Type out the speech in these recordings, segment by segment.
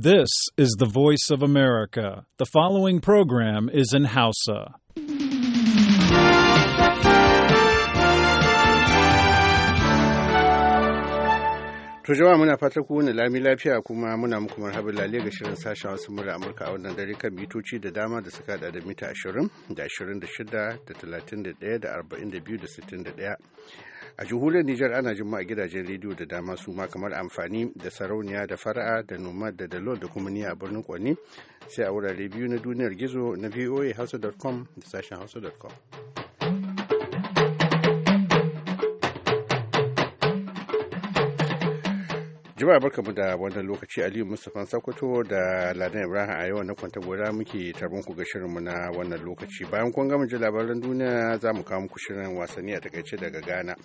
This is the voice of America. The following program is in Hausa. To jama'a muna fatar ku wani lami lafiya kuma muna muku marhaban lalle ga shirin sashen wasu mura Amurka a wannan dare kan mitoci da dama da suka hada da mita 20 da 26 da 31 da 42 da 61. a jihuriyar Nijar ana jin a gidajen rediyo da dama su ma kamar amfani da sarauniya da fara'a da nomad da dalol da kuma niya a birnin kwanni sai a wurare biyu na duniyar gizo na voa hausa.com da sashen hausa.com Jima'a mu da wannan lokaci Aliyu Mustapha Sokoto da Ladan Ibrahim a yau na kwanta gora muke tarbon ku ga shirin mu na wannan lokaci. Bayan kun gama ji labaran duniya za mu kawo muku shirin wasanni a takaice daga Ghana.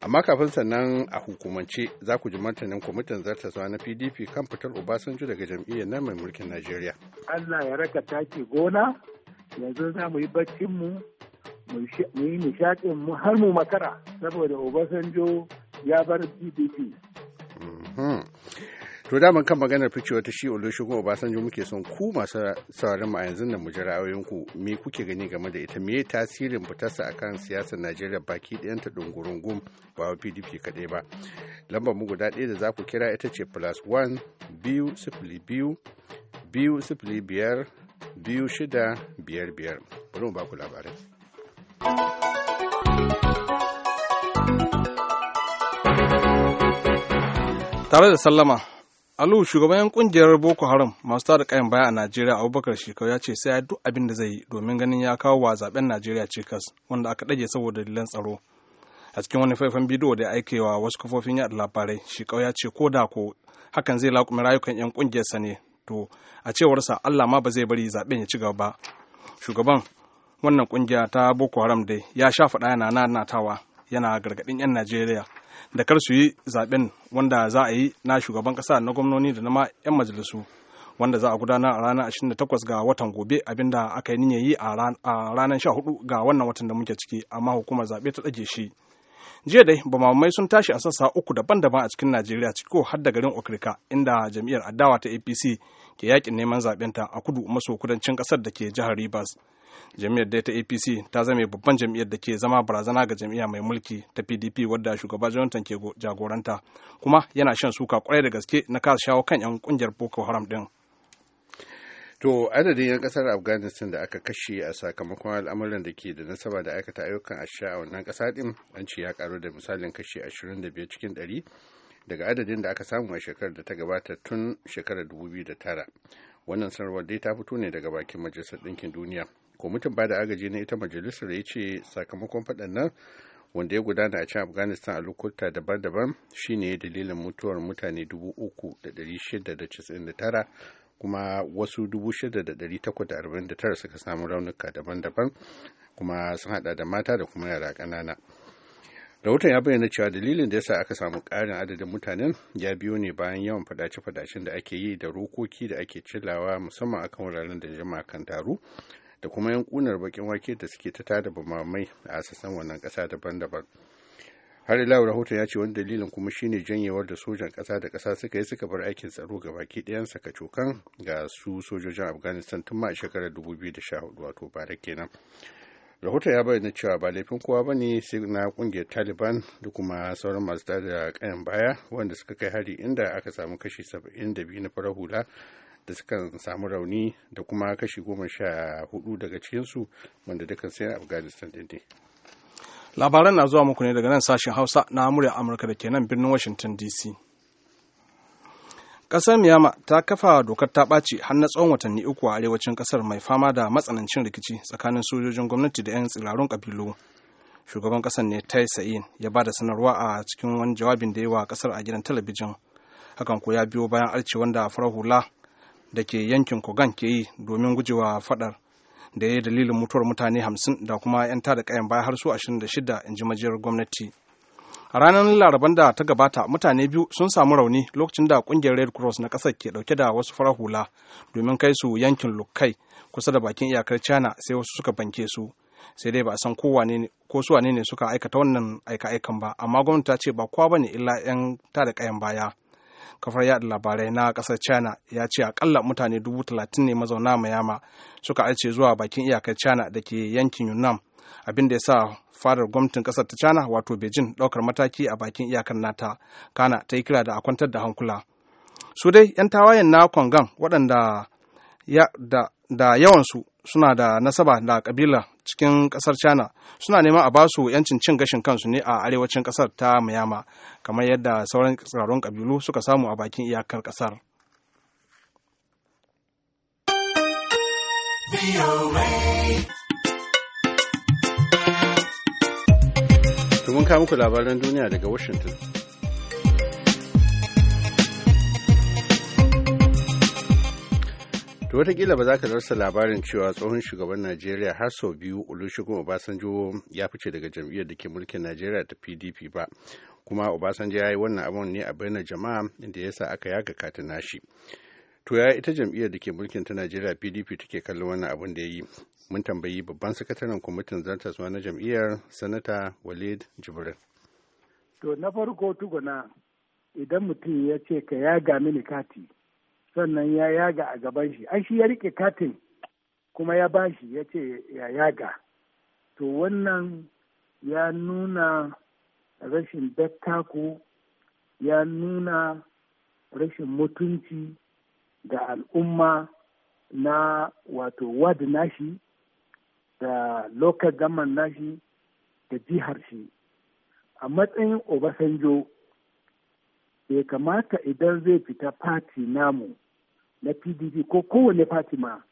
Amma kafin sannan a hukumance za ku ji martanin kwamitin zartaswa na PDP kan fitar Obasanjo daga jam'iyyar nan mai mulkin Najeriya. Allah ya raka taki gona yanzu za mu yi baccinmu mu yi nishaɗin mu har mu makara saboda Obasanjo ya bar PDP. Hmm. to daman kan maganar ficewa ta shi olusegun obasanjo muke son ku masu sauraron mu a yanzu nan mu ji ra'ayoyinku me kuke gani game da ita me tasirin fitarsa akan siyasar najeriya baki ɗayan ta dungurungum ba wa pdp kaɗai ba lambar mu guda ɗaya da za ku kira ita ce plus one biyu sifili biyu biyu sifili biyar biyu shida biyar biyar bari mu ba ku labarai tare da sallama alu shugaban yan kungiyar boko haram masu tada kayan baya a najeriya abubakar shekau ya ce sai ya duk abin da zai yi domin ganin ya kawo wa zaben najeriya cikas wanda aka ɗage saboda dalilan tsaro a cikin wani faifan bidiyo da ya aikewa wasu kafofin yaɗa labarai shekau ya ce ko da ko hakan zai lakumi rayukan 'yan sa ne to a cewarsa allah ma ba zai bari zaben ya ci gaba ba shugaban wannan kungiya ta boko haram dai ya sha faɗa yana nanatawa yana gargaɗin 'yan najeriya da kar su yi zaben wanda za a yi na shugaban kasa na gwamnoni da na ma 'yan majalisu wanda za a gudanar a ranar 28 ga watan gobe abinda aka yi niyyar yi a ranar 14 ga wannan watan da muke ciki amma hukumar zaɓe ta ɗage shi jiya dai bamamai sun tashi a sassa uku daban-daban a cikin najeriya ciko har da garin okirka inda jam'iyyar adawa ta apc ke yakin neman zaɓenta a kudu maso kudancin ƙasar da ke jihar rivers jami'ar da ta apc ta zame babban jam'iyyar da ke zama barazana ga jami'a mai mulki ta pdp wadda shugaba jonathan ke jagoranta kuma yana shan suka kwarai da gaske na kasa shawo kan 'yan kungiyar boko haram din To adadin 'yan kasar Afghanistan da aka kashe a sakamakon al'amuran da ke da nasaba da aikata ayyukan asha a wannan kasa din an ce ya karu da misalin kashe 25 cikin 100 daga adadin da aka samu a shekarar da ta gabata tun shekarar 2009. Wannan sanarwar dai ta fito ne daga bakin Majalisar Ɗinkin Duniya. kwamitin da agaji na ita majalisar ya ce sakamakon faɗan nan wanda ya gudana a can afghanistan a lokuta daban-daban shine dalilin mutuwar mutane 3,699 kuma wasu 6,849 suka samu raunuka daban-daban kuma sun hada da mata da kuma yara ƙanana rahoton ya bayyana cewa dalilin da ya sa aka samu ƙarin adadin mutanen ya biyo ne bayan yawan fadace-fadacen da ake yi da rokoki da ake cillawa musamman akan wuraren da jama'a kan taru da kuma yankunar bakin wake da suke ta tada bamamai a sassan wannan kasa daban-daban har ila rahoton ya ce wani dalilin kuma shine janyewar da sojan kasa da kasa suka yi suka bar aikin tsaro ga baki saka cokan ga su sojojin afghanistan tun ma a shekarar 2014 wato bara kenan rahoton ya bayyana cewa ba laifin kowa ba ne sai na kungiyar taliban da kuma sauran masu tada kayan baya wanda suka kai hari inda aka samu kashi da biyu na farar hula da suka samu rauni da kuma kashi goma sha hudu daga cikinsu wanda dukan sai afghanistan dindin labaran na zuwa muku ne daga nan sashen hausa na murya amurka da ke nan birnin washington dc ƙasar miyama ta kafa dokar ta ɓaci har na tsawon watanni uku a arewacin ƙasar mai fama da matsanancin rikici tsakanin sojojin gwamnati da 'yan tsirarun ƙabilu shugaban ƙasar ne tai sa'in ya ba da sanarwa a cikin wani jawabin da yi wa ƙasar a gidan talabijin hakan ko ya biyo bayan arce wanda farar hula da ke yankin kogan ke yi domin gujewa fadar da ya yi dalilin mutuwar mutane hamsin da kuma 'yan tada kayan baya har su 26 in ji majiyar gwamnati a ranar laraban da ta gabata mutane biyu sun samu rauni lokacin da kungiyar red cross na kasar ke dauke da wasu farar hula domin kai su yankin lukai kusa da bakin iyakar china sai wasu suka banke su sai dai ba a san ko su wane ne suka aikata wannan aika-aikan ba amma gwamnati ta ce ba kowa ba ne illa 'yan tada kayan baya kafar yada labarai na kasar china ya ce akalla mutane dubu talatin ne mazauna mayama suka aice zuwa bakin iyakar china da ke yankin yunnan abin da ya sa fadar gwamnatin kasar ta china wato beijing daukar mataki a bakin iyakar nata kana ta yi kira da akwantar da hankula su dai 'yan tawayen na kwangan waɗanda ya da da yawansu suna da nasaba da kabila cikin kasar china suna neman a ba su yancin cin gashin kansu ne a arewacin kasar ta miyama kamar yadda sauran tsirarun kabilu suka samu a bakin iyakar kasar Tumun kawo muku labaran duniya daga Washington. To watakila ba za ka zarsa labarin cewa tsohon shugaban Najeriya har sau biyu Olusegun Obasanjo ya fice daga jam'iyyar da ke mulkin Najeriya ta PDP ba. Kuma Obasanjo ya yi wannan abun ne a bayyana jama'a inda ya sa aka yaga katin nashi. To ya ita jam'iyyar da ke mulkin ta Najeriya PDP take kallon wannan abun da ya yi. Mun tambayi babban sakataren kwamitin zartaswa na jam'iyyar Sanata Walid jibril To na farko tukuna idan mutum ya ce ka yaga mini kati sannan ya yaga a gaban shi an shi ya rike katin kuma ya bashi ya ce ya yaga to wannan ya nuna rashin dattako ya nuna rashin mutunci da al'umma na wato wad nashi da local government nashi da jihar shi a matsayin obasanjo bai kamata idan zai fita fati namu na pdp ko kowane fati ma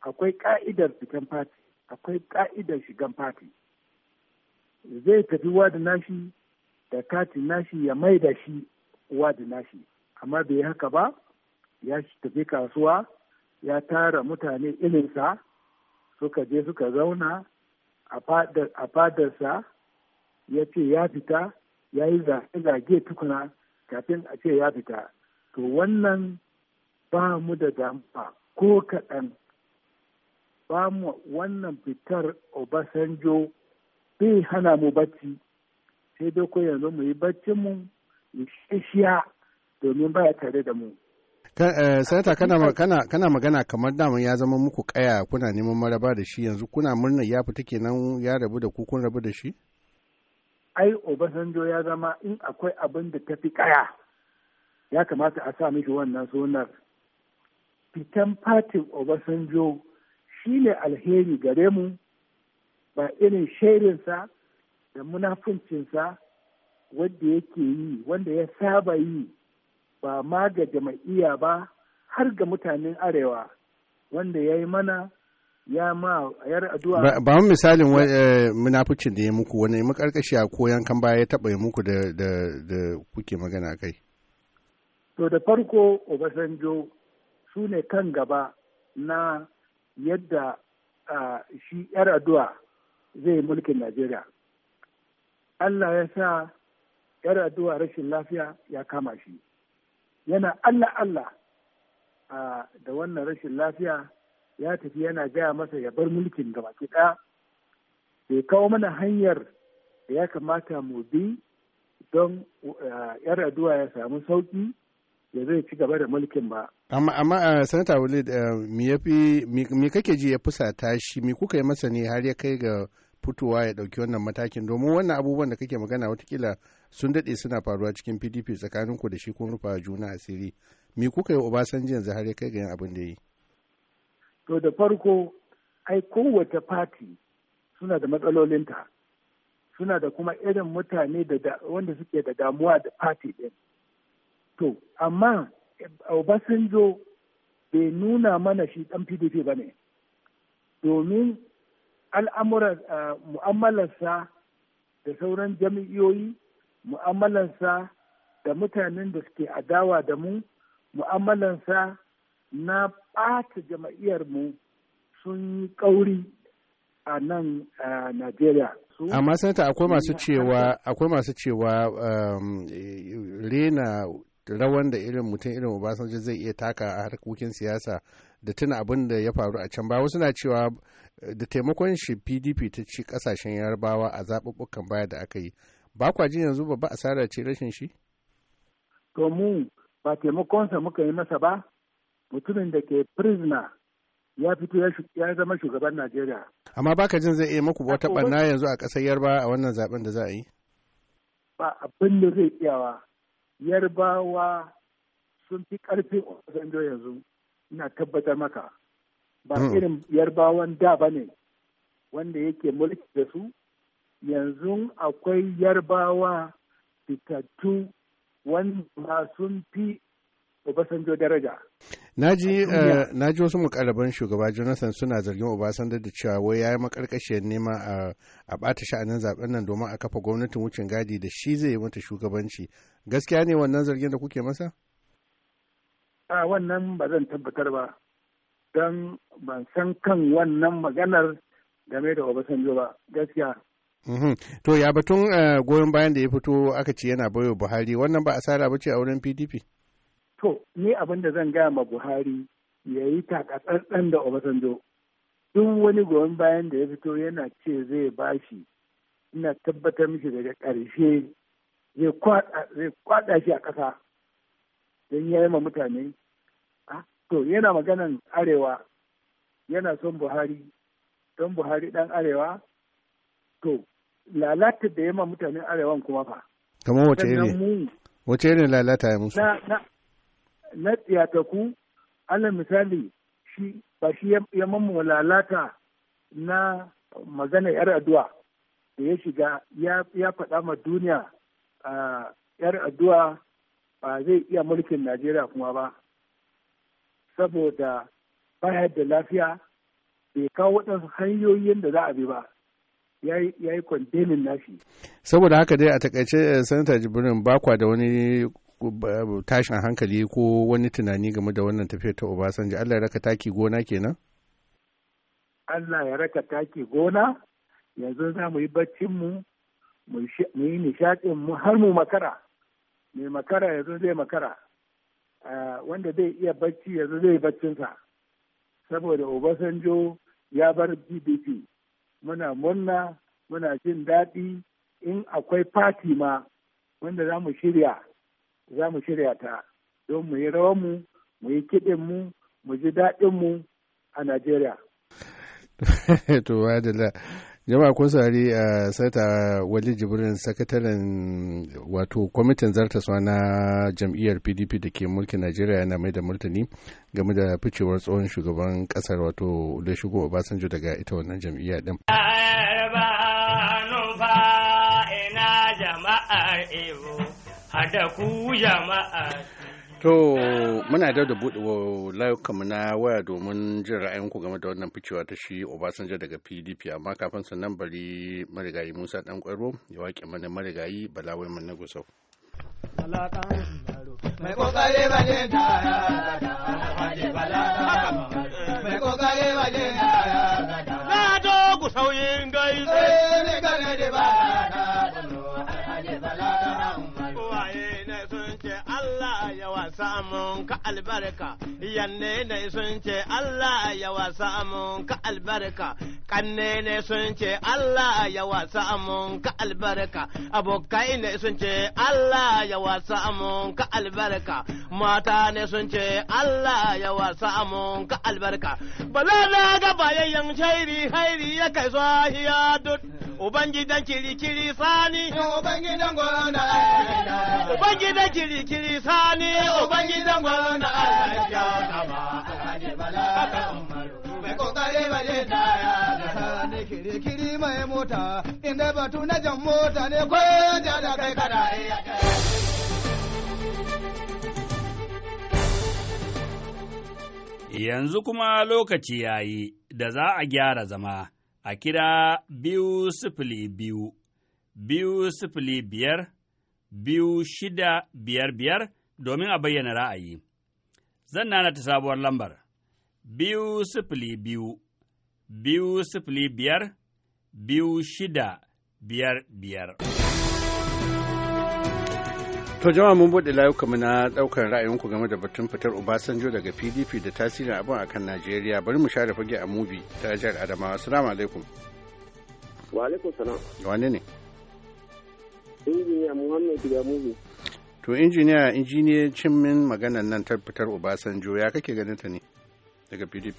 akwai ka'idar fitan fati akwai ka'idar shigan fati zai tafi wadi nashi da katin nashi ya mai da shi wadi nashi amma bai haka ba ya tafi kasuwa ya tara mutane ilinsa suka je suka zauna a fadarsa ya ce ya fita ya yi zage tukuna kafin a ce ya fita to wannan ba mu da damfa ko kaɗan ba mu wannan fitar obasanjo bai hana mu bacci sai dai ko yanzu mu yi baccinmu mu shishiya domin baya tare da mu eh, sanata kana magana kamar daman ya zama muku kaya kuna neman maraba da shi yanzu kuna murnar ya fita kenan ya rabu da ku kun rabu da shi ai obasanjo ya zama in akwai abin da tafi kaya ya kamata a sa mishi wannan sunar fitan fatin Obasanjo shi ne alheri gare mu ba irin shairinsa da munafuncinsa wanda yake yi wanda ya saba yi ba ma ga jama'iyya ba har ga mutanen arewa wanda ya yi mana ya ma yar addu'a ba mu misalin eh, munafucin da ya muku wani makarkashi a ko yankan baya ya taba ya muku da kuke magana kai to da farko obasanjo su ne kan gaba na yadda shi yar addu'a zai mulkin najeriya allah ya sa yar addu'a rashin lafiya ya kama shi yana allah allah da wannan rashin lafiya ya tafi yana gaya masa ya bar mulkin gaba ɗaya bai kawo mana hanyar da ya kamata mu bi don yar addu'a ya samu sauki ya zai ci gaba da mulkin ba amma amma eh, sanata walid eh, me yafi me kake ji ya fusata shi me kuka yi masa ne har ya kai ga fitowa ya dauki wannan matakin domin wannan abubuwan da kake magana watakila sun dade suna faruwa cikin pdp tsakanin ku da shi kun rufa juna asiri me kuka yi obasanji yanzu har ya kai ga yin abin da yi to da farko ai kowace fati suna da matsalolinta suna da kuma irin mutane da wanda suke da damuwa da fati din to amma Obasanjo bai nuna mana shi ɗan PDP ba ne, domin al'amuran mu'amalarsa da sauran jami'oyi, mu'amalarsa da mutanen da suke adawa da mu, mu'amalarsa na ɓata mu sun yi ƙauri a nan Najeriya. amma sanata masu cewa akwai masu cewa um, rena rawan da irin mutum irin obasanjo zai iya taka a harkokin siyasa da tuna abin da ya faru a can ba wasu na cewa eh, da taimakon shi pdp ta ci kasashen yarbawa a zaɓuɓɓukan baya da aka yi ba kwa jin yanzu babba asara ce rashin shi to mu ba sa muka yi masa ba mutumin da ke prisoner ya fito ya zama shugaban najeriya amma baka jin zai iya muku wata ɓanna yanzu a ƙasar yarbawa a wannan zaben da za a yi ba abin da zai iyawa yarbawa sun fi ƙarfin obasanjo yanzu ina tabbatar maka ba hmm. irin yarbawan da ba ne wanda yake mulki da su yanzu akwai yarbawa fitattu wanda sun fi obasanjo daraja Naji eh, naji wasu mukarraban shugaba Jonathan suna zargin Obasanjo da cewa wai ya yi makarkashiyar nema a bata sha'anin zaben nan domin a kafa gwamnatin wucin gadi da shi zai yi mata shugabanci. Gaskiya ne wannan zargin da kuke masa? A wannan ba zan tabbatar ba. Don ban san kan wannan maganar game da Obasanjo ba gaskiya. Mhm. To ya batun eh, goyon bayan da ya fito aka ce yana bayo Buhari wannan ba asara ba ce a wurin PDP? To, ni abin da zan gaya ma Buhari ya yi takatsantsan da Obasanjo. Duk wani goyon bayan da ya fito yana ce zai bashi, ina tabbatar mishi daga ƙarshe zai kwaɗa shi a ƙasa don ya yi ma mutane. To, yana maganan arewa, yana son Buhari, don Buhari ɗan arewa, to, lalata da ya ma mutanen arewan kuma fa. Kamar wace ne? Wace ne lalata ya musu? na tsiyataku alal misali shi ba shi ya mamu lalata na magana yar addu'a da ya shiga ya faɗa ma duniya yar addu'a ba zai iya mulkin najeriya kuma ba saboda bayar da lafiya bai kawo waɗansu hanyoyin da za a bi ba ya yi kwandenin nashi. Saboda haka dai a takaice eh, Sanata Jibrin bakwa da wani tashin hankali ko wani tunani game da wannan tafiyar ta Obasanjo Allah ya raka taki gona kenan? Allah ya raka taki gona yanzu za mu yi baccinmu mu yi nishaɗinmu har mu makara mai makara yanzu zai makara wanda zai iya bacci yanzu zai baccinsa saboda Obasanjo ya bar PDP muna murna muna jin daɗi in akwai fati ma wanda za mu shirya za mu shirya ta don mu yi rawanmu mu yi kiɗinmu mu mu ji mu a Najeriya. to wadala jama'a kun saurari a uh, sata wali jibrin sakataren wato kwamitin zartaswa na jam'iyyar pdp da ke mulkin najeriya yana mai da martani game da ficewar tsohon shugaban kasar wato da shigo obasanjo daga ita wannan jam'iyya din ina jama'a da ku jama'a. To muna da buɗe layukanmu na waya domin jin ra'ayinku game da wannan ficewa ta shi Obasanjo daga PDP amma kafin sannan bari marigayi Musa ɗan ƙwaro ya waƙe mana marigayi Balawai mana Gusau. Mai kokare wajen tara, mai kokare ga tara, na dogu sauyin samun ka albarka yanne ne sun ce Allah ya wa samun ka albarka kanne ne sun ce Allah ya wa samun ka albarka abokai ne sun ce Allah ya wa samun ka albarka mata ne sun ce Allah ya wa samun ka albarka bala na ga bayayyan shairi hairi ya kai sahiya duk ubangidan kirikiri sani ubangidan gona ubangidan kirikiri sani ubangidan gidan Allah batu na jan ne ko Yanzu kuma lokaci ya yi da za a gyara zama a kira biyu sifili biyu, biyu sifili biyar, biyu shida biyar biyar domin a bayyana ra'ayi. Zan nana ta sabuwar lambar biyu sifili biyu, biyu sifili biyar, biyu shida biyar biyar. To jama'a mun buɗe layuka na ɗaukar ra'ayinku game da batun fitar Obasanjo daga PDP da tasirin abin a kan Najeriya bari mu share fage a mubi ta jihar Adamawa. Assalamu alaikum. Wa alaikum salam. Wane ne? Injiniya Muhammad mubi. to injiniya injiniya cimmin maganan nan ta fitar obasanjo ya kake ganin ta ne daga pdp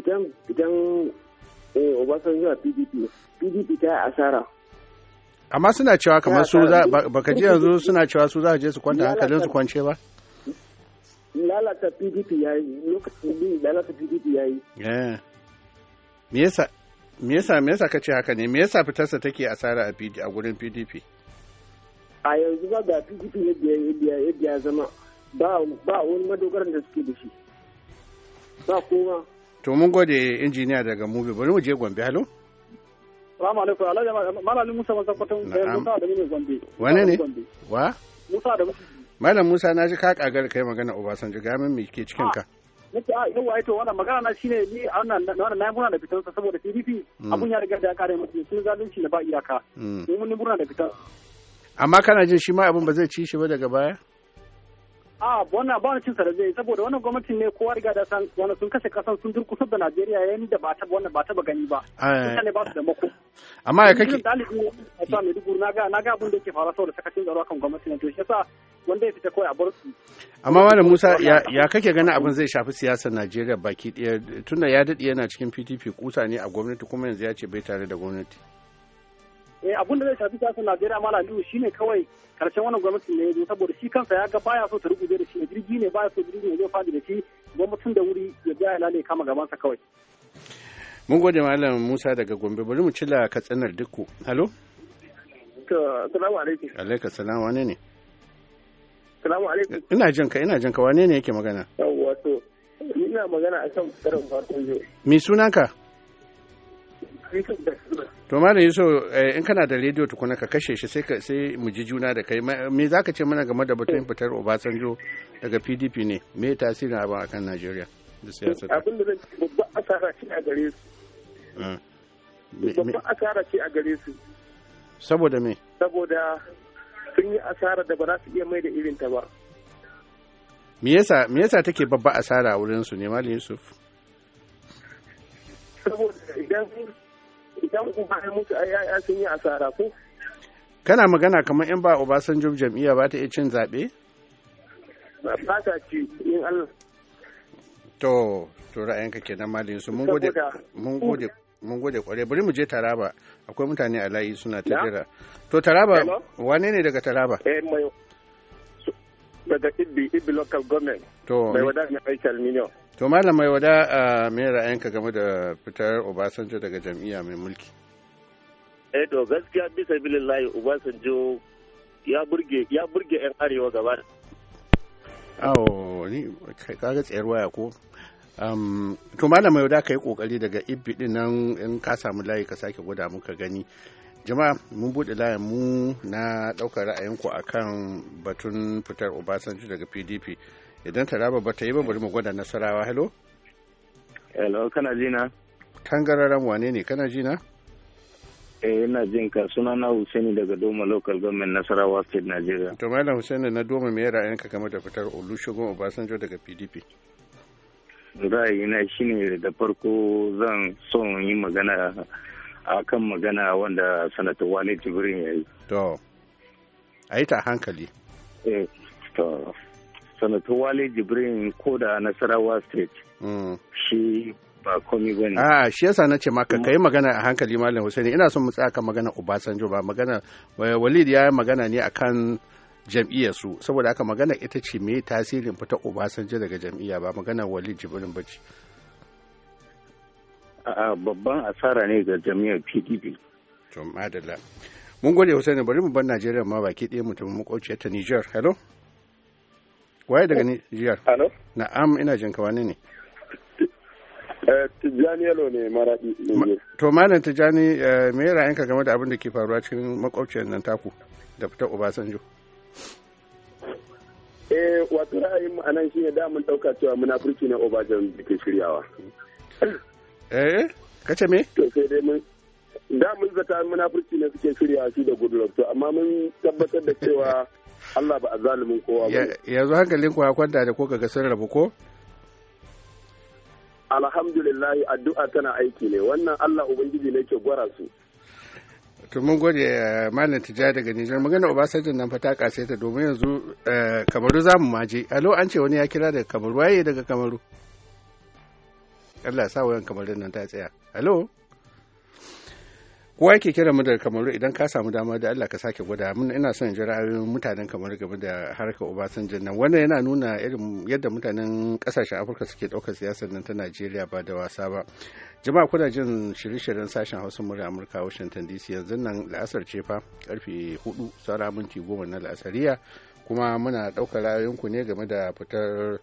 idan idan eh obasanjo a pdp pdp ta asara amma suna cewa kamar su za baka ji yanzu suna cewa su za a je su kwanta hankalin su kwance ba lalata pdp ya yi lokacin bin lalata pdp ya yi eh. me yasa me yasa me yasa kace haka ne me yasa fitarsa take asara a gurin pdp a yanzu ba ga pdp yadda ya zama ba wani madogaran da suke da shi ba kuma. to mun gode injiniya daga mubi bari mu je gombe halo salamu alaikum alhaji malamin musa masan kwatan eh, musa da mini gombe wane ne wa musa da malam musa na ji ka kagar kai magana obasanjo ga min me ke cikin ah, ka nake a ah, yawa to wannan magana na shine ni a wannan na murna da fitar saboda PDP mm. abun ya riga da ya kare mutum sun zalunci da ba iyaka mm. mun murna da fitar amma kana jin shi ma abin ba zai ci shi ba daga baya a wannan ba wani cinsa da zai saboda wannan gwamnatin ne kowa riga da san wani sun kashe kasan sun durkusa da Najeriya yayin da ba ta wannan ba ta ba gani ba eh. mutane ba su da mako amma ya kake dalibi a sa mai dubu na ga na ga abin da yake faruwa saboda sakacin tsaro kan gwamnatin to shi yasa wanda ya fita kawai a bar su amma malam Musa ya kake ganin abin zai shafi siyasar Najeriya baki ɗaya tunda ya daɗe yana cikin PDP kusa ne a gwamnati kuma yanzu ya ce bai tare da gwamnati Eh, abin da zai shafi siyasar Najeriya malam Aliyu shine kawai karshen wannan gwamnatin ne yanzu saboda shi kansa ya ga baya so ta rubuce da shi ne jirgi ne baya so jirgi ne zai fadi da shi gwamnatin da wuri ya ga lale kama gabansa kawai mun gode malam Musa daga Gombe bari mu cilla katsinar dukku halo assalamu alaikum alaikum salam wane ne assalamu alaikum ina jinka ka ina jinka ka wane ne yake magana yawwa to ina magana akan karin farko jo me sunanka da to malam yusuf eh, in kana da rediyo tukuna ka kashe shi sai sai mu ji juna da kai me zaka ce mana game da batun fitar obasanjo daga pdp ne me tasirin abin akan najeriya da siyasar abin da zai babban asara ce a gare su ah. babban asara ce a gare su saboda me saboda sun yi asara da ba za su iya mai da irin ta ba me yasa me yasa take babba asara wurin su ne malam yusuf saboda idan idan mutu ai sun yi asara ko kana magana kamar in ba Obasanjo jam'iyya ba ta iya cin zaɓe? ba ta ci in Allah to to ra'ayinka kenan malin su mun gode mun gode mun gode kware bari mu je Taraba akwai mutane a layi suna ta jira to Taraba wane ne daga Taraba eh daga Ibbi, Ibbi local government. To. Mai wada mai aiki alminiyon. To malam mai wada me ra'ayinka game da fitar Obasanjo daga jam'iyya mai mulki? Eh to gaskiya bisa layi Obasanjo ya burge ya burge yan arewa gaba. Awo ni kaga tsayar waya ko to malam mai wada ka yi kokari daga Ibbi din nan in ka samu layi ka sake gwada muka gani. jama'a mun buɗe layan mu na daukar ra'ayinku akan batun fitar obasanjo daga pdp idan taraba ba ta yi ba bari mu gwada nasarawa hello hello kana jina tangararan wane ne kana jina eh ina jin ka suna na Husaini daga Doma local government Nasarawa state Nigeria to malam Husaini na Doma me ra'ayinka game da fitar Olusegun Obasanjo daga PDP ra'ayina shine da farko zan son yi magana a kan magana wanda sanata wale jibrin ya yi to a yi ta hankali eh to sanata wale jibrin ko da nasarawa state mm. shi ba komi bane a ah, shi yasa na ce maka kai magana a hankali malam Hussein ina son mu tsaka magana obasanjo ba magana eh, walid ya yi magana ne akan jam'iyyar su saboda haka magana ita ce me tasirin fita obasanjo daga jam'iyya ba magana walid jibrin bace babban asara ne ga jami'ar pdp to madalla mun gode Hussein bari mu bar Najeriya ma baki ɗaya mu tafi ta Niger hello waye daga Niger hello na'am ina jin ka wani ne eh, Tijjani Yalo ne maraɗi. To Malam Tijjani eh, me ya ra'ayinka game da abin da ke faruwa cikin makwabciyar nan taku da fitar Obasanjo? Eh wato ra'ayin mu anan ne da mun ɗauka cewa munafurci ne Obasanjo da ke shiryawa. eh kace me to sai dai mun da mun zata munafurci ne suke shirya shi da goodluck to amma mun tabbatar da cewa Allah ba a zalimin kowa ba yanzu hankalin ku ya kwanta da ko ga sun rabu ko alhamdulillah addu'a tana aiki ne wannan Allah ubangiji ne ke gwara su to mun gode eh, malam tija daga Nijar magana Obasanjo nan fa ta domin yanzu eh, Kamaru zamu maje allo an ce wani ya kira daga Kamaru waye daga Kamaru Allah ya sa wayan kamarin nan ta tsaya hello kowa yake kira mu da kamaru idan ka samu dama da Allah ka sake gwada mun ina son jira ra'ayoyin mutanen kamaru game da harkar Obasanjo nan wannan yana nuna irin yadda mutanen kasashen Afirka suke ɗaukar siyasar nan ta Najeriya ba da wasa ba jama'a kuna jin shirye-shiryen sashen Hausa murya Amurka Washington DC yanzu nan la'asar ce fa karfe 4 saura minti goma na la'asariya kuma muna ɗaukar ra'ayoyinku ne game da fitar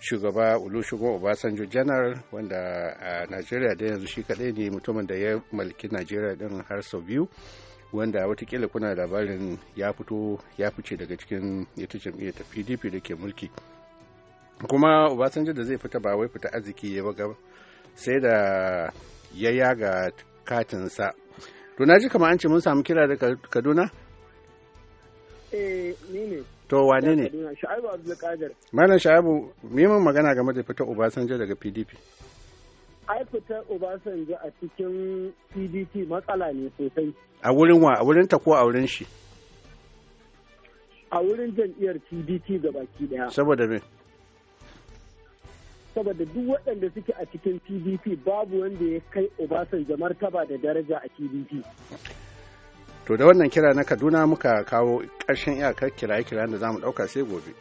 shugaba olusegun obasanjo general wanda a najeriya da yanzu shi kaɗai ne mutumin da ya mulki najeriya din har sau biyu wanda watakila kuna labarin ya fito ya fice daga cikin ita jam'iyyar ta pdp da ke mulki kuma obasanjo da zai fita ba wai fita arziki ya baga sai da ya yaga katinsa to na ji kama an ce mun samu kira da kaduna eh ni ne To wane ne? Sha'ibu Abdulkadir. Malam Sha'ibu, mimin magana game da fitar Obasanjo daga PDP. Ai fitar Obasanjo a cikin PDP matsala ne sosai. A wurin wa, a wurin ta ko a wurin shi? A wurin jam'iyyar PDP ga baki daya. Saboda me? Saboda duk waɗanda suke a cikin PDP babu wanda ya kai Obasanjo martaba da daraja a PDP. to da wannan kira na kaduna muka kawo ƙarshen iyakar kiraye kiraye da zamu mu ɗauka sai gobe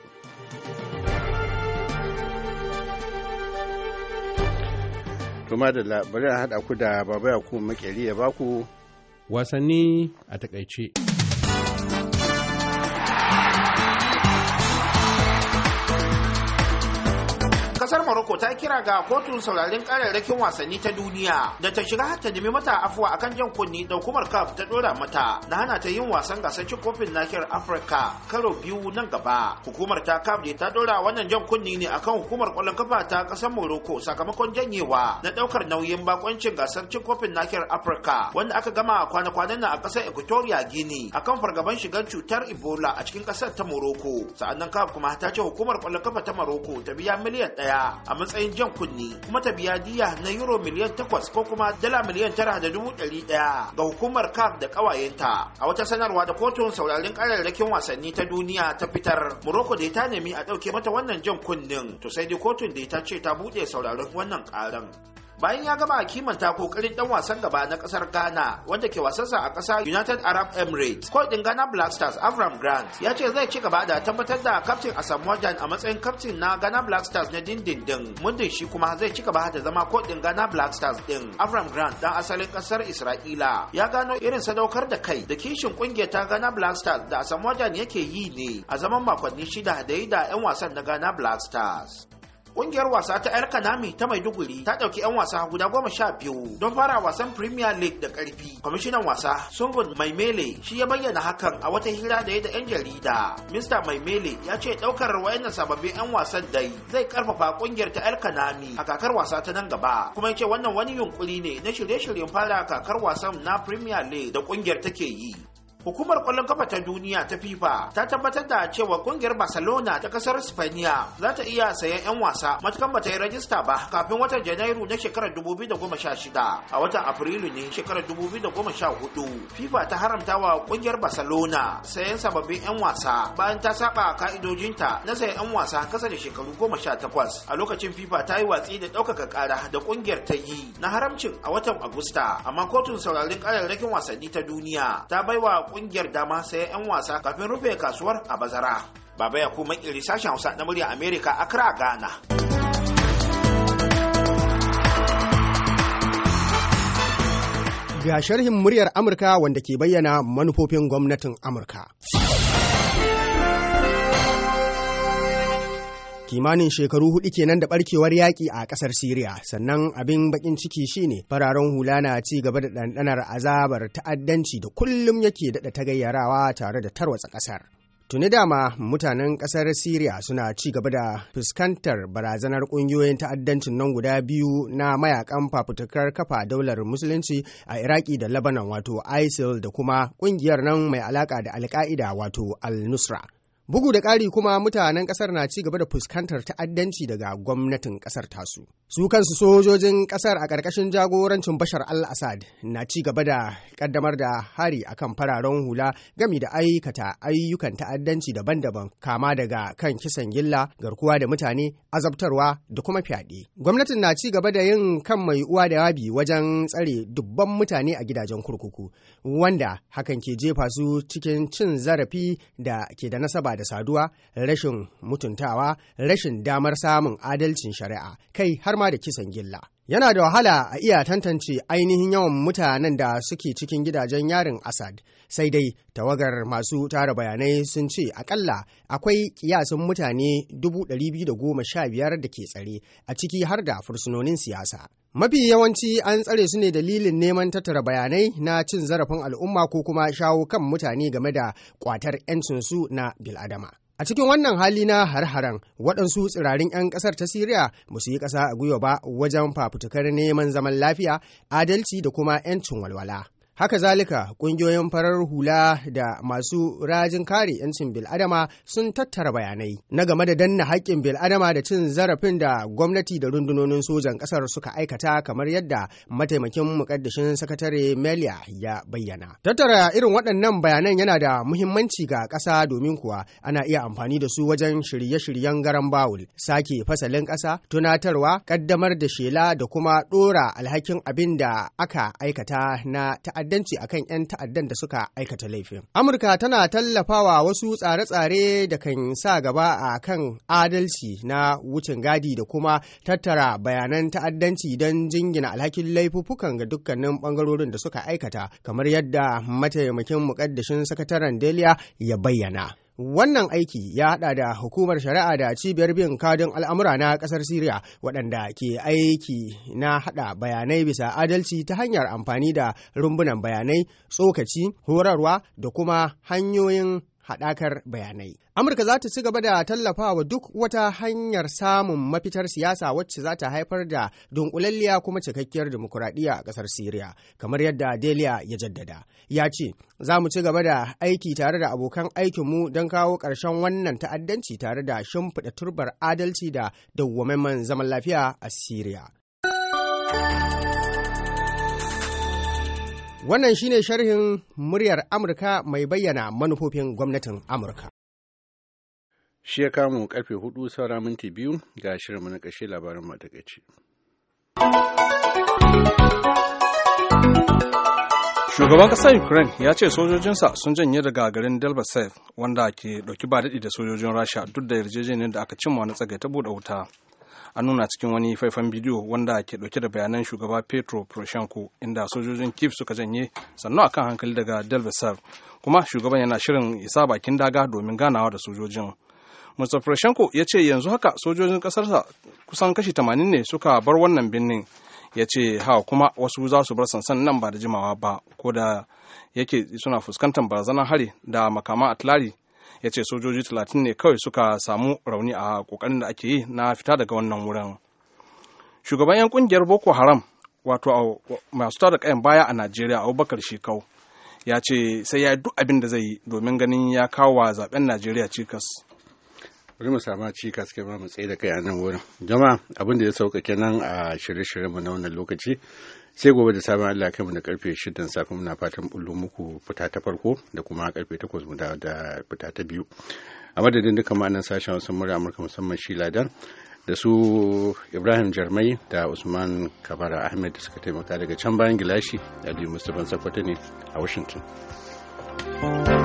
tuma da bari a haɗa ku da baba ya ku makeri ya baku wasanni a takaice kasar Morocco ta kira ga kotun sauraren kararrakin wasanni ta duniya da ta shiga ta nemi mata afuwa akan jan kunni da hukumar CAF ta dora mata na hana ta yin wasan gasar cin kofin nahiyar Afirka karo biyu nan gaba. Hukumar ta CAF ne ta dora wannan jan kunni ne akan hukumar kwallon kafa ta kasar Morocco sakamakon janyewa na daukar nauyin bakoncin gasar cin kofin nahiyar Afirka wanda aka gama a kwana-kwanan nan a kasar Equatoria Guinea akan fargaban shigar cutar Ebola a cikin kasar ta Morocco. Sa'annan CAF kuma ta ce hukumar kwallon kafa ta Morocco ta biya miliyan ɗaya daya a matsayin jan kunni kuma ta biya diya na euro miliyan takwas ko kuma dala miliyan tara da dubu ɗari ɗaya ga hukumar kaf da ƙawayenta. A wata sanarwa da kotun saurarin kararrakin wasanni ta duniya ta fitar, Morocco da ta nemi a ɗauke mata wannan jan kunnin, to sai dai kotun da ta ce ta buɗe saurarin wannan ƙaran. bayan ya gama kimanta kokarin dan wasan gaba na kasar ghana wanda ke wasansa a kasar united arab emirates ko din ghana black stars avram grant ya ce zai ci gaba da tabbatar da kaftin asamoah gyan a matsayin kaftin na ghana black stars na dindindin mundin shi kuma zai ci gaba da zama ko din ghana black stars din avram grant dan asalin kasar isra'ila ya gano irin sadaukar da kai da kishin kungiyar ta ghana black stars da asamoah yake yi ne a zaman makonni shida da yi da 'yan wasan na ghana black stars Ƙungiyar wasa ta ‘yar Kanami ta Maiduguri ta ɗauki 'yan wasa guda goma sha biyu don fara wasan Premier League da karfi Kwamishinan wasa Sungun Maimele shi ya bayyana hakan a wata hira da ya da 'yan jarida. Mista Maimele ya ce ɗaukar wayannan sababbin 'yan wasan dai zai karfafa ƙungiyar ta ‘yar Kanami a kakar wasa ta nan gaba. Kuma ya ce wannan wani yunkuri ne na shirye-shiryen fara kakar wasan na Premier League da ƙungiyar take yi. Hukumar kwallon kafa ta duniya ta FIFA ta tabbatar da cewa kungiyar Barcelona ta kasar Spaniya za ta iya sayan 'yan wasa matukan ba ta yi rajista ba kafin watan Janairu na shekarar 2016. A watan Afrilu ne shekarar 2014 FIFA ta haramta wa kungiyar Barcelona sayan sababbin 'yan wasa bayan ta saba ka'idojinta na sayan 'yan wasa kasa da shekaru 18. A lokacin FIFA ta yi watsi da ɗaukaka kara da kungiyar ta yi na haramcin a watan Agusta amma kotun sauraron kararrakin wasanni ta duniya ta baiwa kungiyar dama sai 'yan wasa kafin rufe kasuwar a bazara. Baba ya kuma iri sashen Hausa na murya Amerika Accra Ghana. Ga sharhin muryar Amurka wanda ke bayyana manufofin gwamnatin Amurka. kimanin shekaru hudu kenan da barkewar yaƙi a ƙasar Siriya sannan abin bakin ciki shine fararen hula na ci gaba da ɗanɗanar azabar ta'addanci da kullum yake daɗa tagayyarawa tare da tarwatsa ƙasar. Tuni dama mutanen ƙasar Siriya suna ci gaba da fuskantar barazanar ƙungiyoyin ta'addancin nan guda biyu na mayakan fafutukar kafa daular musulunci a Iraki da Lebanon wato ISIL da kuma ƙungiyar nan mai alaƙa da alƙa'ida wato Al-Nusra. Bugu da ƙari kuma mutanen ƙasar na ci gaba da fuskantar ta'addanci daga gwamnatin ƙasar tasu. Su kansu sojojin ƙasar a ƙarƙashin jagorancin Bashar al-Assad na ci gaba da ƙaddamar da hari a kan fararen hula gami da aikata ayyukan ta'addanci daban-daban kama daga kan kisan gilla, garkuwa da mutane, azabtarwa da kuma fyaɗe. Gwamnatin na ci gaba da yin kan mai uwa da yabi wajen tsare dubban mutane a gidajen kurkuku, wanda hakan ke jefa su cikin cin zarafi da ke da nasaba da saduwa rashin mutuntawa rashin damar samun adalcin shari'a kai har ma da kisan gilla yana da wahala a iya tantance ainihin yawan mutanen da suke cikin gidajen yarin ASAD, sai dai tawagar masu tara bayanai sun ce akalla akwai kiyasin mutane 215 da ke tsare a ciki har da fursunonin siyasa Mafi yawanci an tsare su ne dalilin neman tattara bayanai na cin zarafin al'umma ko kuma shawo kan mutane game da kwatar 'yancinsu na biladama. A cikin wannan hali na har-haren waɗansu tsirarin 'yan ƙasar ta Siriya ba su yi ƙasa a gwiwa ba wajen fafutukar neman zaman lafiya, adalci da kuma 'yancin walwala. Haka zalika ƙungiyoyin farar hula da masu rajin kare 'yancin bil'adama sun tattara bayanai na game da danna haƙƙin bil'adama da cin zarafin da gwamnati da rundunonin sojan ƙasar suka aikata kamar yadda mataimakin muƙaddashin sakatare Melia ya bayyana. Tattara irin waɗannan bayanan yana da muhimmanci ga ƙasa domin kuwa ana iya amfani da su wajen shirye-shiryen garan bawul, sake fasalin ƙasa, tunatarwa, ƙaddamar da shela da kuma ɗora alhakin abin da aka aikata na ta'addar. ta'addanci akan 'yan ta'addan da suka aikata laifin. Amurka tana tallafawa wasu tsare-tsare da kan sa gaba a kan adalci na wucin gadi da kuma tattara bayanan ta'addanci don jingina alhakin laifuffukan ga dukkanin bangarorin da suka aikata kamar yadda mataimakin mukaddashin sakataren Delia ya bayyana. Wannan aiki ya haɗa da hukumar shari'a da cibiyar bin kadin al'amura na ƙasar Siriya waɗanda ke aiki na haɗa bayanai bisa adalci ta hanyar amfani da rumbunan bayanai, tsokaci, horarwa da kuma hanyoyin haɗakar bayanai. Amurka za ta ci gaba da tallafawa duk wata hanyar samun mafitar siyasa wacce za ta haifar da dunkulalliya kuma cikakkiyar dimokuraɗiyya a ƙasar Siriya, kamar yadda Delia ya jaddada. Ya ce, za mu ci gaba da aiki tare da abokan aikinmu don kawo ƙarshen wannan ta'addanci tare da shimfiɗa turbar adalci da dawwamaiman zaman lafiya a Siriya. Wannan shine sharhin muryar Amurka mai bayyana manufofin gwamnatin Amurka. Shi ya kamu karfe hudu saura minti biyu ga shirin na ƙashe labarin matakaici. Shugaban ƙasar Ukraine ya ce sojojinsa sun janye daga garin Delbasev wanda ke ɗauki ba da sojojin Rasha duk da yarjejeniyar da aka cimma na tsagaita buɗe wuta. an nuna cikin wani faifan bidiyo wanda ke dauke da bayanan shugaba petro poroshenko inda sojojin kif suka janye sannu akan hankali daga delvesar kuma shugaban yana shirin isa bakin daga domin ganawa da sojojin mr poroshenko ya ce yanzu haka sojojin kasarsa kusan kashi 80 ne suka bar wannan birnin ya ce ha kuma wasu za su bar sansan nan ba da jimawa ba ko da yake suna fuskantar barazanar hari da makama atlari ya ce sojoji 30 ne kawai suka samu rauni a kokarin da ake yi na fita daga wannan wurin shugaban 'yan kungiyar boko haram wato masu tada kayan baya a najeriya abubakar shekau ya ce sai ya yi duk abin da zai yi domin ganin ya kawo wa zaben najeriya cikas bari mu cikas ke ba mu tsaye da kai a nan wurin jama abin da ya sauka nan a shirye-shiryen mu na wannan lokaci sai gobe da sabon Allah kai da karfe 6 safe muna fatan bullo muku fita ta farko da kuma karfe 8 mu da fita ta biyu a madadin duka ma'anan sashen wasu mura Amurka musamman shi ladan da su Ibrahim Jarmai da Usman Kabara Ahmed da suka taimaka daga can bayan gilashi Aliyu Mustapha sakwata ne a Washington. thank you